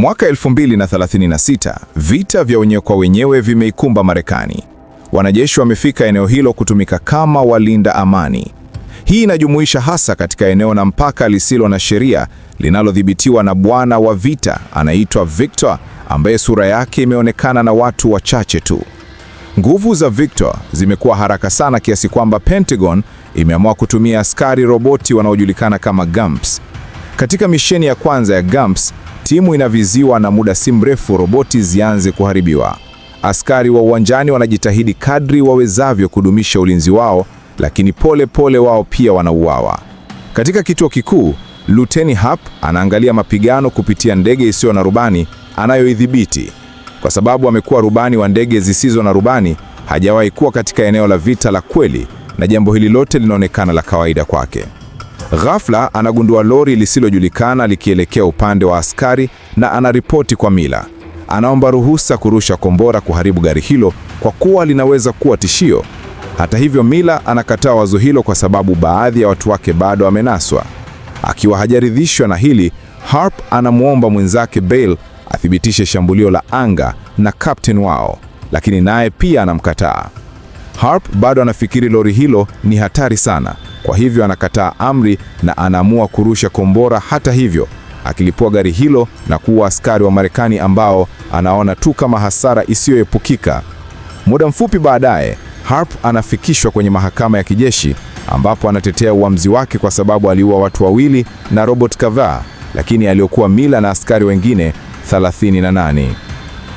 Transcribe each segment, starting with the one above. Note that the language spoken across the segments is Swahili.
Mwaka 2036 vita vya wenyewe kwa wenyewe vimeikumba Marekani. Wanajeshi wamefika eneo hilo kutumika kama walinda amani. Hii inajumuisha hasa katika eneo na mpaka lisilo na sheria linalodhibitiwa na bwana wa vita anaitwa Victor, ambaye sura yake imeonekana na watu wachache tu. Nguvu za Victor zimekuwa haraka sana kiasi kwamba Pentagon imeamua kutumia askari roboti wanaojulikana kama Gumps katika misheni ya kwanza ya Gamps, timu inaviziwa na muda si mrefu roboti zianze kuharibiwa. Askari wa uwanjani wanajitahidi kadri wawezavyo kudumisha ulinzi wao, lakini pole pole wao pia wanauawa. Katika kituo kikuu, Luteni Hap anaangalia mapigano kupitia ndege isiyo na rubani anayoidhibiti. Kwa sababu amekuwa rubani wa ndege zisizo na rubani, hajawahi kuwa katika eneo la vita la kweli, na jambo hili lote linaonekana la kawaida kwake. Ghafla anagundua lori lisilojulikana likielekea upande wa askari na anaripoti kwa Mila. Anaomba ruhusa kurusha kombora kuharibu gari hilo kwa kuwa linaweza kuwa tishio. Hata hivyo, Mila anakataa wazo hilo kwa sababu baadhi ya watu wake bado wamenaswa. Akiwa hajaridhishwa na hili, Harp anamwomba mwenzake Bale athibitishe shambulio la anga na captain wao, lakini naye pia anamkataa. Harp bado anafikiri lori hilo ni hatari sana, kwa hivyo anakataa amri na anaamua kurusha kombora hata hivyo, akilipua gari hilo na kuua askari wa Marekani ambao anaona tu kama hasara isiyoepukika. Muda mfupi baadaye, Harp anafikishwa kwenye mahakama ya kijeshi ambapo anatetea uamuzi wake kwa sababu aliua watu wawili na robot kadhaa, lakini aliokuwa Mila na askari wengine 38.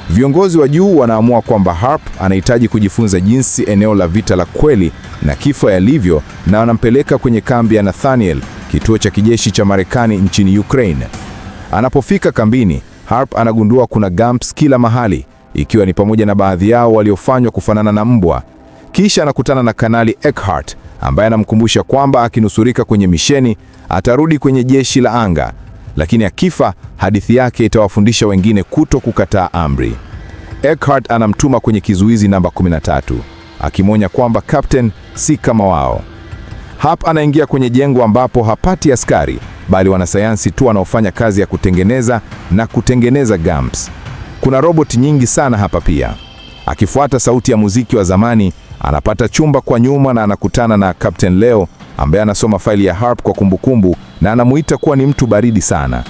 Viongozi wa juu wanaamua kwamba Harp anahitaji kujifunza jinsi eneo la vita la kweli na kifo yalivyo, na wanampeleka kwenye kambi ya Nathaniel, kituo cha kijeshi cha Marekani nchini Ukraine. Anapofika kambini, Harp anagundua kuna Gamps kila mahali, ikiwa ni pamoja na baadhi yao waliofanywa kufanana na mbwa. Kisha anakutana na Kanali Eckhart ambaye anamkumbusha kwamba akinusurika kwenye misheni atarudi kwenye jeshi la anga lakini akifa, hadithi yake itawafundisha wengine kuto kukataa amri. Eckhart anamtuma kwenye kizuizi namba 13 akimwonya kwamba Captain si kama wao. Hap anaingia kwenye jengo ambapo hapati askari bali wanasayansi tu wanaofanya kazi ya kutengeneza na kutengeneza gamps Kuna roboti nyingi sana hapa pia. Akifuata sauti ya muziki wa zamani, Anapata chumba kwa nyuma na anakutana na Captain Leo ambaye anasoma faili ya Harp kwa kumbukumbu na anamuita kuwa ni mtu baridi sana.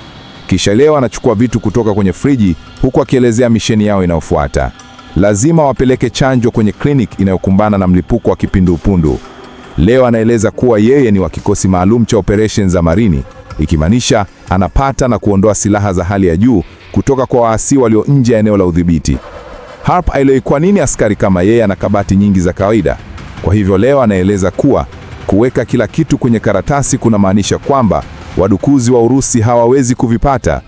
Kisha Leo anachukua vitu kutoka kwenye friji huku akielezea misheni yao inayofuata. Lazima wapeleke chanjo kwenye kliniki inayokumbana na mlipuko wa upundu Leo anaeleza kuwa yeye ni wa kikosi maalum cha operation za Marini, ikimaanisha anapata na kuondoa silaha za hali ya juu kutoka kwa waasi walio nje ya eneo la udhibiti. Harp aelewi kwa nini askari kama yeye ana kabati nyingi za kawaida. Kwa hivyo leo anaeleza kuwa kuweka kila kitu kwenye karatasi kunamaanisha kwamba wadukuzi wa Urusi hawawezi kuvipata.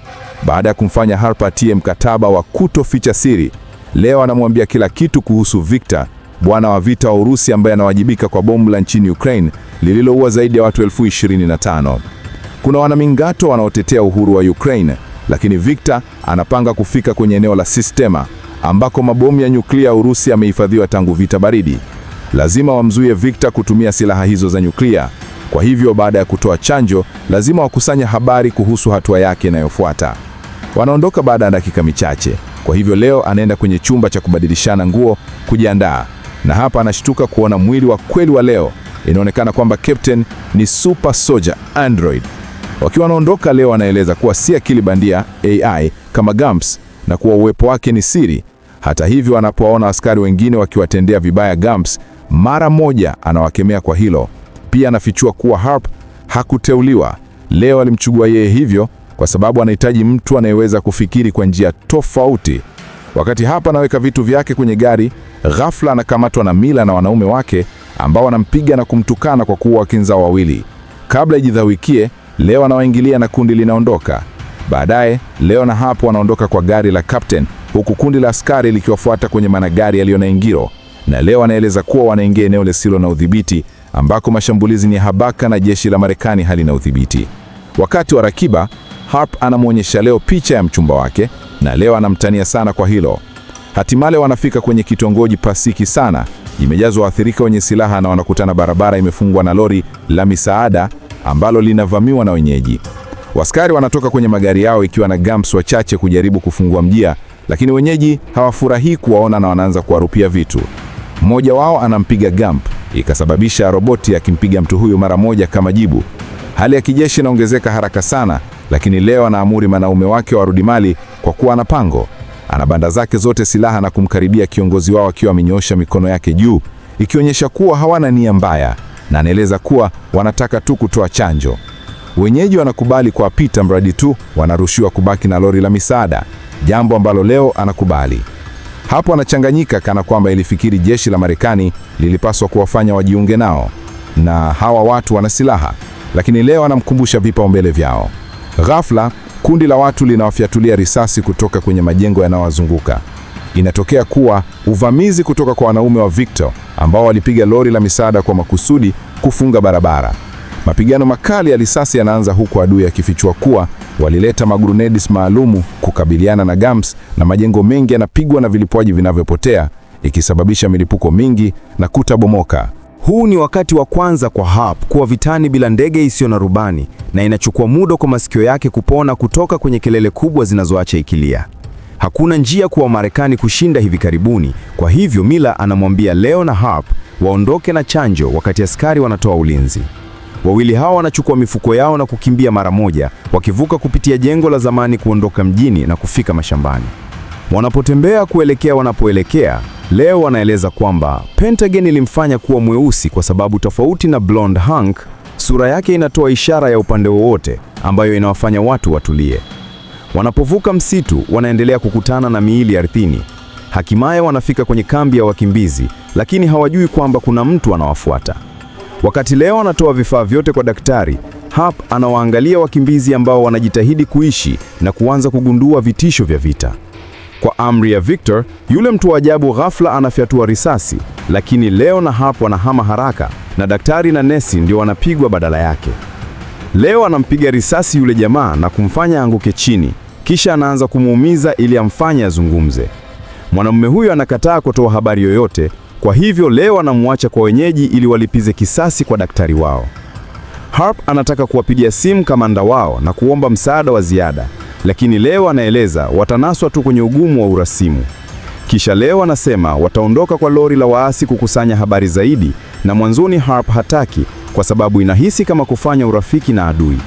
Baada ya kumfanya Harp atie mkataba wa kutoficha siri, leo anamwambia kila kitu kuhusu Victor, bwana wa vita wa Urusi ambaye anawajibika kwa bomu la nchini Ukraine lililoua zaidi ya watu elfu 25 Kuna wanamingato wanaotetea uhuru wa Ukraine, lakini Victor anapanga kufika kwenye eneo la Sistema ambako mabomu ya nyuklia ya Urusi yamehifadhiwa tangu vita baridi. Lazima wamzuie Victor kutumia silaha hizo za nyuklia. Kwa hivyo, baada ya kutoa chanjo, lazima wakusanya habari kuhusu hatua yake inayofuata. Wanaondoka baada ya dakika michache. Kwa hivyo, leo anaenda kwenye chumba cha kubadilishana nguo kujiandaa, na hapa anashtuka kuona mwili wa kweli wa Leo. Inaonekana kwamba Captain ni super soldier android. Wakiwa wanaondoka, Leo anaeleza kuwa si akili bandia AI kama Gumps na kuwa uwepo wake ni siri hata hivyo, anapowaona askari wengine wakiwatendea vibaya Gumps, mara moja anawakemea kwa hilo. Pia anafichua kuwa Harp hakuteuliwa leo, alimchugua yeye hivyo kwa sababu anahitaji mtu anayeweza kufikiri kwa njia tofauti. Wakati hapa anaweka vitu vyake kwenye gari, ghafla anakamatwa na Mila na wanaume wake ambao wanampiga na kumtukana kwa kuwa wakinzao wawili. Kabla ijidhawikie, leo anawaingilia na kundi linaondoka. Baadaye Leo na hapo wanaondoka kwa gari la Captain, huku kundi la askari likiwafuata kwenye managari yaliyo na ingiro, na Leo anaeleza kuwa wanaingia eneo lisilo na udhibiti ambako mashambulizi ni habaka na jeshi la Marekani halina udhibiti. Wakati wa rakiba, Harp anamwonyesha Leo picha ya mchumba wake na Leo anamtania sana kwa hilo. Hatimaye wanafika kwenye kitongoji pasiki sana, imejazwa waathirika wenye silaha na wanakutana barabara imefungwa na lori la misaada ambalo linavamiwa na wenyeji. Waskari wanatoka kwenye magari yao ikiwa na Gumps wachache kujaribu kufungua mjia, lakini wenyeji hawafurahii kuwaona na wanaanza kuwarupia vitu. Mmoja wao anampiga Gump, ikasababisha roboti akimpiga mtu huyu mara moja kama jibu. Hali ya kijeshi inaongezeka haraka sana, lakini leo anaamuri wanaume wake warudi mali kwa kuwa ana pango. Ana banda zake zote silaha na kumkaribia kiongozi wao akiwa amenyoosha mikono yake juu, ikionyesha kuwa hawana nia mbaya, na anaeleza kuwa wanataka tu kutoa chanjo. Wenyeji wanakubali kuwapita mradi tu wanarushiwa kubaki na lori la misaada, jambo ambalo leo anakubali. Hapo anachanganyika kana kwamba ilifikiri jeshi la Marekani lilipaswa kuwafanya wajiunge nao, na hawa watu wana silaha, lakini leo anamkumbusha vipaumbele vyao. Ghafla kundi la watu linawafyatulia risasi kutoka kwenye majengo yanayowazunguka. Inatokea kuwa uvamizi kutoka kwa wanaume wa Victor ambao walipiga lori la misaada kwa makusudi kufunga barabara. Mapigano makali ya risasi yanaanza huku adui akifichua kuwa walileta magrunedis maalumu kukabiliana na Gams, na majengo mengi yanapigwa na vilipuaji vinavyopotea, ikisababisha milipuko mingi na kutabomoka. Huu ni wakati wa kwanza kwa Harp kuwa vitani bila ndege isiyo na rubani, na inachukua muda kwa masikio yake kupona kutoka kwenye kelele kubwa zinazoacha ikilia. Hakuna njia kwa Wamarekani kushinda hivi karibuni. Kwa hivyo mila anamwambia Leo na Harp waondoke na chanjo wakati askari wanatoa ulinzi. Wawili hao wanachukua mifuko yao na kukimbia mara moja, wakivuka kupitia jengo la zamani kuondoka mjini na kufika mashambani. Wanapotembea kuelekea wanapoelekea, leo wanaeleza kwamba Pentagon ilimfanya kuwa mweusi kwa sababu tofauti na blonde hank sura yake inatoa ishara ya upande wowote ambayo inawafanya watu watulie. Wanapovuka msitu, wanaendelea kukutana na miili ardhini. Hakimaye wanafika kwenye kambi ya wakimbizi, lakini hawajui kwamba kuna mtu anawafuata. Wakati Leo anatoa vifaa vyote kwa daktari, Hap anawaangalia wakimbizi ambao wanajitahidi kuishi na kuanza kugundua vitisho vya vita. Kwa amri ya Victor, yule mtu wa ajabu ghafla anafyatua risasi, lakini Leo na Hap wanahama haraka na daktari na nesi ndio wanapigwa badala yake. Leo anampiga risasi yule jamaa na kumfanya anguke chini, kisha anaanza kumuumiza ili amfanye azungumze. Mwanamume huyo anakataa kutoa habari yoyote kwa hivyo leo anamwacha kwa wenyeji ili walipize kisasi kwa daktari wao. Harp anataka kuwapigia simu kamanda wao na kuomba msaada wa ziada, lakini leo anaeleza watanaswa tu kwenye ugumu wa urasimu. Kisha leo anasema wataondoka kwa lori la waasi kukusanya habari zaidi, na mwanzoni Harp hataki kwa sababu inahisi kama kufanya urafiki na adui.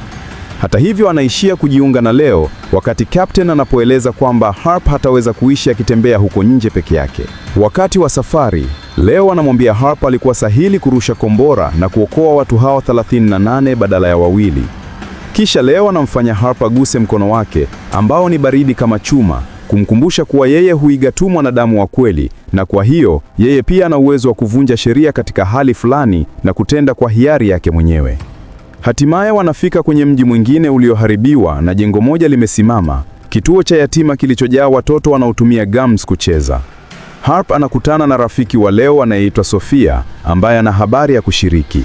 Hata hivyo, anaishia kujiunga na Leo wakati Captain anapoeleza kwamba Harp hataweza kuishi akitembea huko nje peke yake. Wakati wa safari, Leo anamwambia Harp alikuwa sahili kurusha kombora na kuokoa watu hao 38 badala ya wawili. Kisha Leo anamfanya Harp aguse mkono wake ambao ni baridi kama chuma, kumkumbusha kuwa yeye huiga tu mwanadamu wa kweli, na kwa hiyo yeye pia ana uwezo wa kuvunja sheria katika hali fulani na kutenda kwa hiari yake mwenyewe. Hatimaye wanafika kwenye mji mwingine ulioharibiwa na jengo moja limesimama, kituo cha yatima kilichojaa watoto wanaotumia gums kucheza. Harp anakutana na rafiki wa leo anayeitwa Sofia ambaye ana habari ya kushiriki.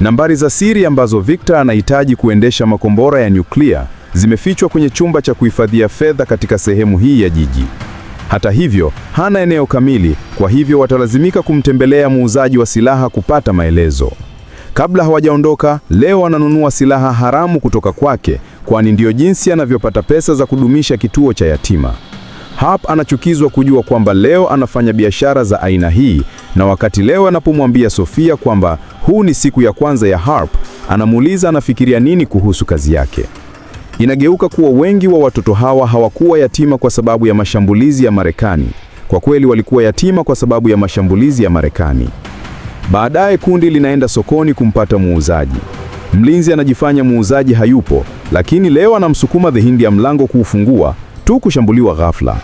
Nambari za siri ambazo Victor anahitaji kuendesha makombora ya nyuklia zimefichwa kwenye chumba cha kuhifadhia fedha katika sehemu hii ya jiji. Hata hivyo, hana eneo kamili, kwa hivyo watalazimika kumtembelea muuzaji wa silaha kupata maelezo. Kabla hawajaondoka, leo ananunua silaha haramu kutoka kwake, kwani ndiyo jinsi anavyopata pesa za kudumisha kituo cha yatima. Harp anachukizwa kujua kwamba leo anafanya biashara za aina hii, na wakati leo anapomwambia Sofia kwamba huu ni siku ya kwanza ya Harp, anamuuliza anafikiria nini kuhusu kazi yake. Inageuka kuwa wengi wa watoto hawa hawakuwa yatima kwa sababu ya mashambulizi ya Marekani. Kwa kweli walikuwa yatima kwa sababu ya mashambulizi ya Marekani. Baadaye kundi linaenda sokoni kumpata muuzaji. Mlinzi anajifanya muuzaji hayupo, lakini Leo anamsukuma Hindi ya mlango kuufungua tu kushambuliwa ghafla.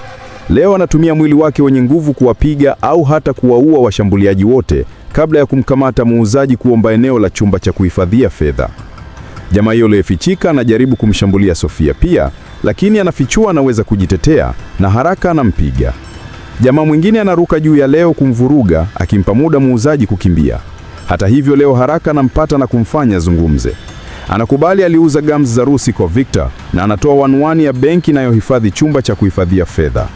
Leo anatumia mwili wake wenye nguvu kuwapiga au hata kuwaua washambuliaji wote kabla ya kumkamata muuzaji kuomba eneo la chumba cha kuhifadhia fedha. Jamaa hiyo aliyefichika anajaribu kumshambulia Sofia pia, lakini anafichua anaweza kujitetea na haraka anampiga. Jamaa mwingine anaruka juu ya Leo kumvuruga, akimpa muda muuzaji kukimbia. Hata hivyo, Leo haraka anampata na kumfanya zungumze. Anakubali aliuza gams za Rusi kwa Victor na anatoa wanwani ya benki inayohifadhi chumba cha kuhifadhia fedha.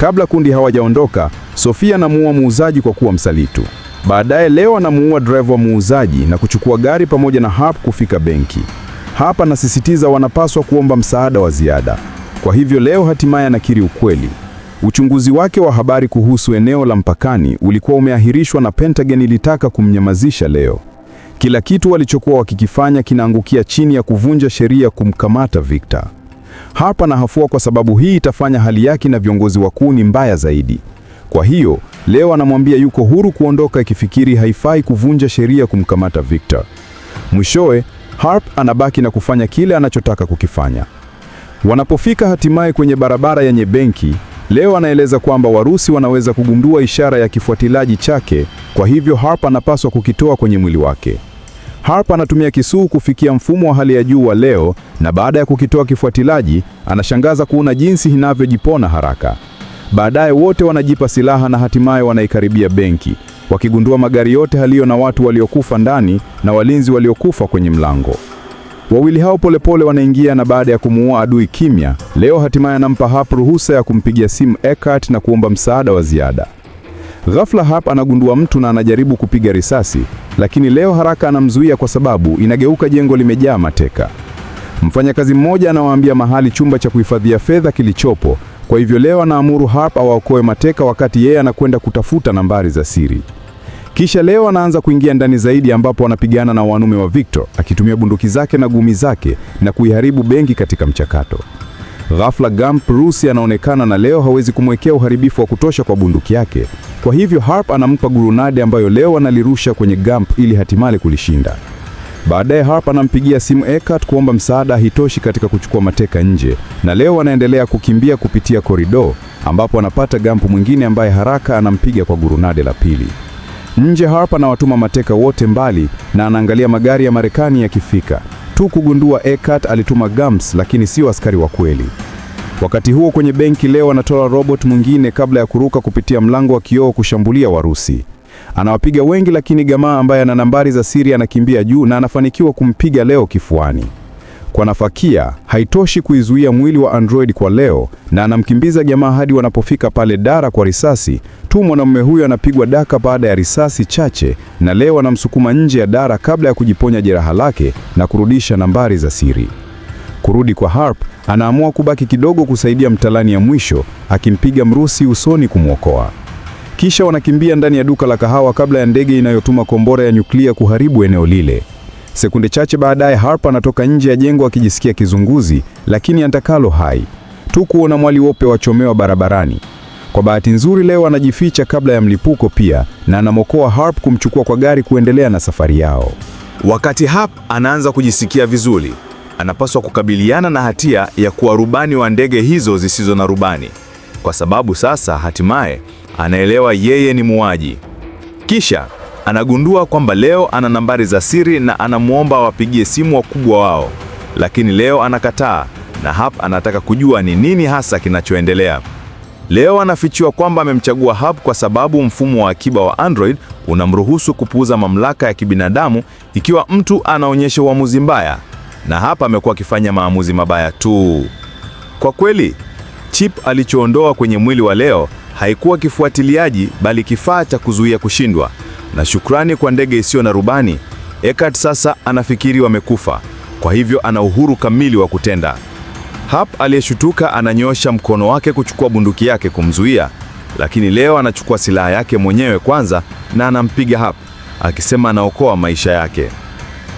Kabla kundi hawajaondoka, Sofia anamuua muuzaji kwa kuwa msalitu. Baadaye Leo anamuua driver wa muuzaji na kuchukua gari pamoja na Harp kufika benki. Harp anasisitiza wanapaswa kuomba msaada wa ziada. Kwa hivyo Leo hatimaye anakiri ukweli. Uchunguzi wake wa habari kuhusu eneo la mpakani ulikuwa umeahirishwa na Pentagon ilitaka kumnyamazisha leo. Kila kitu walichokuwa wakikifanya kinaangukia chini ya kuvunja sheria kumkamata Victor. Hapa na hafua kwa sababu hii itafanya hali yake na viongozi wakuu ni mbaya zaidi. Kwa hiyo leo anamwambia yuko huru kuondoka, ikifikiri haifai kuvunja sheria kumkamata Victor. Mwishowe Harp anabaki na kufanya kile anachotaka kukifanya. Wanapofika hatimaye kwenye barabara yenye benki, Leo anaeleza kwamba Warusi wanaweza kugundua ishara ya kifuatilaji chake, kwa hivyo Harp anapaswa kukitoa kwenye mwili wake. Harp anatumia kisuu kufikia mfumo wa hali ya juu wa Leo, na baada ya kukitoa kifuatilaji anashangaza kuona jinsi inavyojipona haraka. Baadaye wote wanajipa silaha na hatimaye wanaikaribia benki, wakigundua magari yote aliyo na watu waliokufa ndani na walinzi waliokufa kwenye mlango. Wawili hao polepole wanaingia na baada ya kumuua adui kimya, leo hatimaye anampa hap ruhusa ya kumpigia simu Eckhart na kuomba msaada wa ziada. Ghafla hap anagundua mtu na anajaribu kupiga risasi, lakini leo haraka anamzuia kwa sababu inageuka jengo limejaa mateka. Mfanyakazi mmoja anawaambia mahali chumba cha kuhifadhia fedha kilichopo, kwa hivyo leo anaamuru hap awaokoe mateka wakati yeye anakwenda kutafuta nambari za siri. Kisha leo anaanza kuingia ndani zaidi, ambapo anapigana na wanume wa Victor akitumia bunduki zake na gumi zake na kuiharibu benki katika mchakato. Ghafla Gump Rusi anaonekana na leo hawezi kumwekea uharibifu wa kutosha kwa bunduki yake. Kwa hivyo Harp anampa gurunade ambayo leo analirusha kwenye Gump ili hatimaye kulishinda. Baadaye Harp anampigia simu Eckart kuomba msaada, hitoshi katika kuchukua mateka nje, na leo anaendelea kukimbia kupitia korido ambapo anapata Gump mwingine ambaye haraka anampiga kwa gurunade la pili. Nje, Harp anawatuma mateka wote mbali na anaangalia magari ya Marekani yakifika tu kugundua Eckart alituma gams lakini sio askari wa kweli. Wakati huo kwenye benki leo anatoa robot mwingine kabla ya kuruka kupitia mlango wa kioo kushambulia Warusi. Anawapiga wengi, lakini Gamaa ambaye ana nambari za siri anakimbia juu na anafanikiwa kumpiga leo kifuani. Kwa Nafakia haitoshi kuizuia mwili wa Android kwa leo, na anamkimbiza jamaa hadi wanapofika pale Dara kwa risasi tu. Mwanamume huyo anapigwa daka baada ya risasi chache, na leo anamsukuma nje ya Dara kabla ya kujiponya jeraha lake na kurudisha nambari za siri. Kurudi kwa Harp, anaamua kubaki kidogo kusaidia mtalani ya mwisho, akimpiga mrusi usoni kumwokoa. Kisha wanakimbia ndani ya duka la kahawa kabla ya ndege inayotuma kombora ya nyuklia kuharibu eneo lile. Sekunde chache baadaye, Harpa anatoka nje ya jengo akijisikia kizunguzi, lakini antakalo hai tu kuona mwali wope wachomewa barabarani. Kwa bahati nzuri, leo anajificha kabla ya mlipuko pia, na anamokoa Harp kumchukua kwa gari kuendelea na safari yao. Wakati Harp anaanza kujisikia vizuri, anapaswa kukabiliana na hatia ya kuwa rubani wa ndege hizo zisizo na rubani, kwa sababu sasa hatimaye anaelewa yeye ni muuaji. Kisha Anagundua kwamba leo ana nambari za siri na anamwomba awapigie simu wakubwa wao, lakini leo anakataa, na Hap anataka kujua ni nini hasa kinachoendelea. Leo anafichua kwamba amemchagua Hap kwa sababu mfumo wa akiba wa Android unamruhusu kupuuza mamlaka ya kibinadamu ikiwa mtu anaonyesha uamuzi mbaya, na Hap amekuwa akifanya maamuzi mabaya tu. Kwa kweli, chip alichoondoa kwenye mwili wa Leo haikuwa kifuatiliaji bali kifaa cha kuzuia kushindwa. Na shukrani kwa ndege isiyo na rubani, Eckart sasa anafikiri wamekufa, kwa hivyo ana uhuru kamili wa kutenda. Hap aliyeshutuka ananyosha mkono wake kuchukua bunduki yake kumzuia, lakini leo anachukua silaha yake mwenyewe kwanza na anampiga Hap akisema anaokoa maisha yake.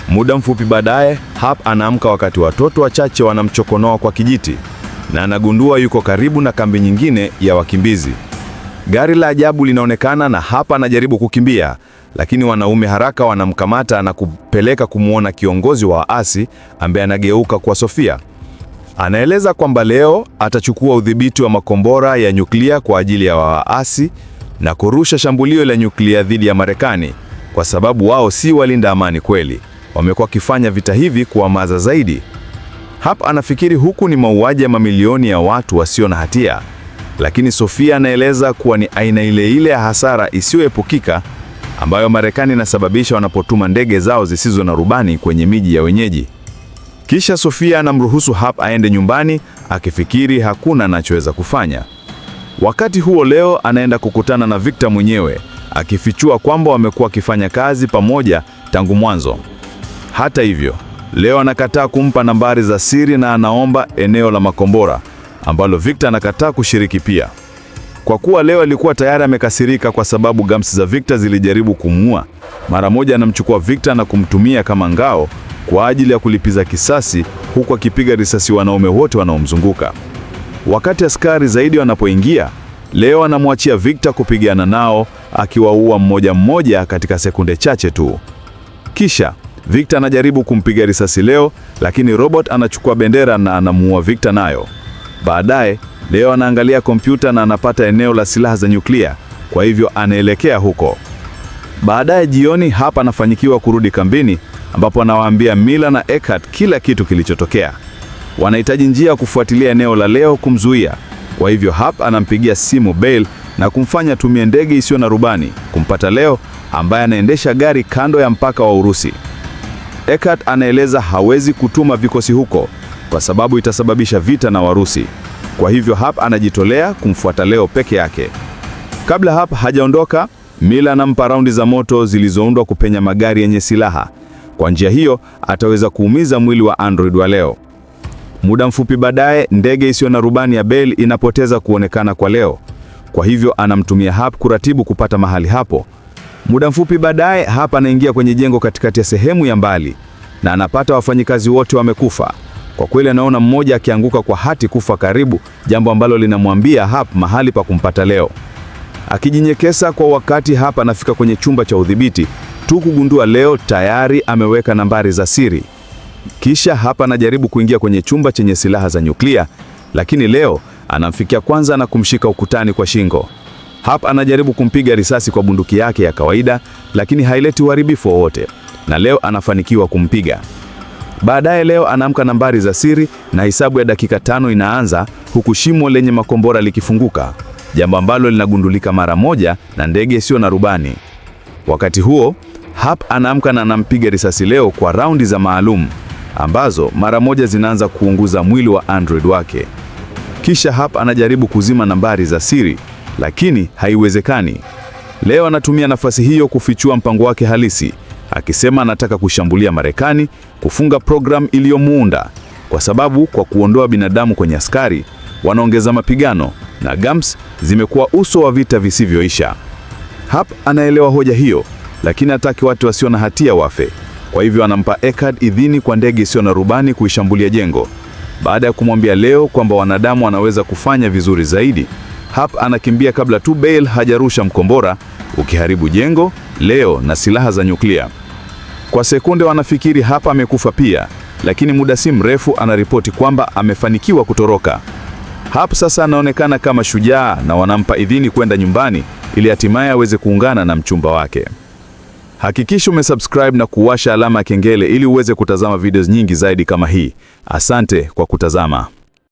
Muda mfupi baadaye, Hap anaamka wakati watoto wachache wanamchokonoa kwa kijiti na anagundua yuko karibu na kambi nyingine ya wakimbizi. Gari la ajabu linaonekana na hapa anajaribu kukimbia, lakini wanaume haraka wanamkamata na kupeleka kumwona kiongozi wa waasi ambaye anageuka kwa Sofia. Anaeleza kwamba leo atachukua udhibiti wa makombora ya nyuklia kwa ajili ya waasi na kurusha shambulio la nyuklia dhidi ya Marekani kwa sababu wao si walinda amani kweli. Wamekuwa wakifanya vita hivi kuwamaza zaidi. Hap anafikiri huku ni mauaji ya mamilioni ya watu wasio na hatia, lakini Sofia anaeleza kuwa ni aina ile ile ya hasara isiyoepukika ambayo Marekani inasababisha wanapotuma ndege zao zisizo na rubani kwenye miji ya wenyeji. Kisha Sofia anamruhusu Hap aende nyumbani akifikiri hakuna anachoweza kufanya. Wakati huo leo anaenda kukutana na Victor mwenyewe akifichua kwamba wamekuwa wakifanya kazi pamoja tangu mwanzo. Hata hivyo Leo anakataa kumpa nambari za siri na anaomba eneo la makombora ambalo Victor anakataa kushiriki pia. Kwa kuwa Leo alikuwa tayari amekasirika kwa sababu gams za Victor zilijaribu kumuua, mara moja anamchukua Victor na kumtumia kama ngao kwa ajili ya kulipiza kisasi, huku akipiga risasi wanaume wote wanaomzunguka. Wakati askari zaidi wanapoingia, Leo anamwachia Victor kupigana nao, akiwaua mmoja mmoja katika sekunde chache tu, kisha Victor anajaribu kumpiga risasi Leo, lakini Robot anachukua bendera na anamuua Victor nayo. Baadaye Leo anaangalia kompyuta na anapata eneo la silaha za nyuklia, kwa hivyo anaelekea huko. Baadaye jioni, hapa anafanyikiwa kurudi kambini, ambapo anawaambia Mila na Eckhart kila kitu kilichotokea. Wanahitaji njia ya kufuatilia eneo la Leo kumzuia, kwa hivyo Hap anampigia simu Bale na kumfanya tumie ndege isiyo na rubani kumpata Leo ambaye anaendesha gari kando ya mpaka wa Urusi. Eckhart anaeleza hawezi kutuma vikosi huko kwa sababu itasababisha vita na Warusi. Kwa hivyo Hap anajitolea kumfuata Leo peke yake. Kabla Hap hajaondoka, Mila anampa raundi za moto zilizoundwa kupenya magari yenye silaha. Kwa njia hiyo ataweza kuumiza mwili wa android wa Leo. Muda mfupi baadaye, ndege isiyo na rubani ya Bell inapoteza kuonekana kwa Leo. Kwa hivyo anamtumia Hap kuratibu kupata mahali hapo. Muda mfupi baadaye, hapa anaingia kwenye jengo katikati ya sehemu ya mbali na anapata wafanyikazi wote wamekufa. Kwa kweli, anaona mmoja akianguka kwa hati kufa karibu, jambo ambalo linamwambia Hap mahali pa kumpata leo. Akijinyekesa kwa wakati, Hap anafika kwenye chumba cha udhibiti tu kugundua leo tayari ameweka nambari za siri. Kisha Hap anajaribu kuingia kwenye chumba chenye silaha za nyuklia, lakini leo anamfikia kwanza na kumshika ukutani kwa shingo. Hap anajaribu kumpiga risasi kwa bunduki yake ya kawaida, lakini haileti uharibifu wowote, na leo anafanikiwa kumpiga. Baadaye leo anaamka nambari za siri na hisabu ya dakika tano inaanza, huku shimo lenye makombora likifunguka, jambo ambalo linagundulika mara moja na ndege isiyo na rubani. Wakati huo Hap anaamka na anampiga risasi leo kwa raundi za maalum ambazo mara moja zinaanza kuunguza mwili wa android wake. Kisha Hap anajaribu kuzima nambari za siri lakini haiwezekani. Leo anatumia nafasi hiyo kufichua mpango wake halisi, akisema anataka kushambulia Marekani, kufunga programu iliyomuunda, kwa sababu kwa kuondoa binadamu kwenye askari wanaongeza mapigano, na GAMS zimekuwa uso wa vita visivyoisha. Hap anaelewa hoja hiyo, lakini hataki watu wasio na hatia wafe. Kwa hivyo anampa Eckhard idhini kwa ndege isiyo na rubani kuishambulia jengo, baada ya kumwambia Leo kwamba wanadamu wanaweza kufanya vizuri zaidi. Hap anakimbia kabla tu Bale hajarusha mkombora, ukiharibu jengo, leo na silaha za nyuklia. Kwa sekunde wanafikiri Hap amekufa pia, lakini muda si mrefu anaripoti kwamba amefanikiwa kutoroka. Hap sasa anaonekana kama shujaa na wanampa idhini kwenda nyumbani ili hatimaye aweze kuungana na mchumba wake. Hakikisha umesubscribe na kuwasha alama ya kengele ili uweze kutazama videos nyingi zaidi kama hii. Asante kwa kutazama.